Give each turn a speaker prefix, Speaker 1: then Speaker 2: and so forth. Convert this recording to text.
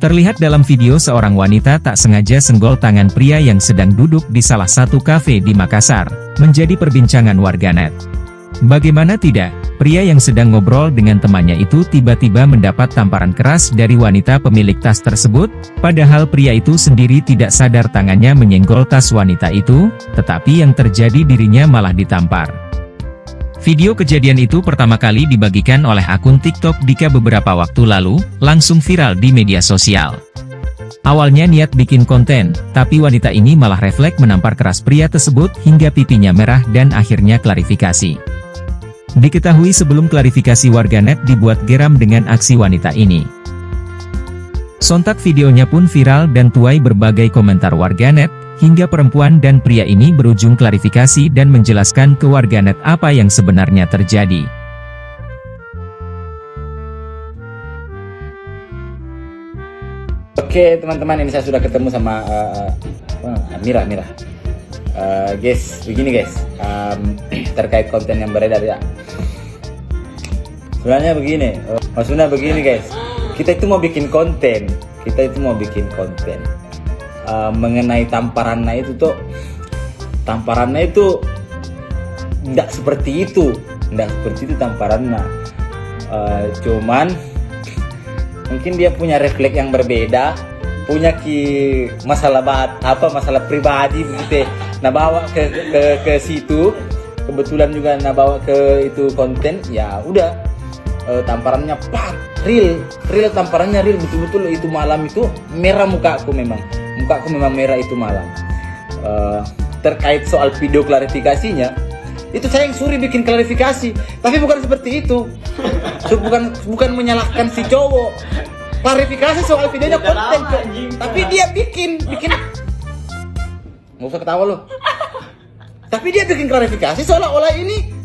Speaker 1: Terlihat dalam video seorang wanita tak sengaja senggol tangan pria yang sedang duduk di salah satu kafe di Makassar, menjadi perbincangan warganet. Bagaimana tidak, pria yang sedang ngobrol dengan temannya itu tiba-tiba mendapat tamparan keras dari wanita pemilik tas tersebut, padahal pria itu sendiri tidak sadar tangannya menyenggol tas wanita itu, tetapi yang terjadi dirinya malah ditampar. Video kejadian itu pertama kali dibagikan oleh akun TikTok Dika beberapa waktu lalu, langsung viral di media sosial. Awalnya niat bikin konten, tapi wanita ini malah refleks menampar keras pria tersebut hingga pipinya merah dan akhirnya klarifikasi. Diketahui sebelum klarifikasi warganet dibuat geram dengan aksi wanita ini. Sontak videonya pun viral dan tuai berbagai komentar warganet, hingga perempuan dan pria ini berujung klarifikasi dan menjelaskan ke warganet apa yang sebenarnya terjadi.
Speaker 2: Oke teman-teman, ini saya sudah ketemu sama uh, uh, Mira, Mira. Uh, guys, begini guys, um, terkait konten yang beredar ya. Sebenarnya begini, uh, maksudnya begini guys, kita itu mau bikin konten, kita itu mau bikin konten uh, mengenai tamparannya itu tuh tamparannya itu tidak seperti itu tidak seperti itu tamparannya uh, eh, cuman mungkin dia punya refleks yang berbeda punya ki masalah bat, apa masalah pribadi begitu ya. nah bawa ke ke, ke situ kebetulan juga nah bawa ke itu konten ya udah e, tamparannya pak real real tamparannya real betul-betul itu malam itu merah muka aku memang mukaku memang merah itu malam uh, terkait soal video klarifikasinya itu saya yang suri bikin klarifikasi tapi bukan seperti itu bukan bukan menyalahkan si cowok klarifikasi soal videonya konten lama, tapi dia bikin bikin nggak usah ketawa loh tapi dia bikin klarifikasi seolah-olah ini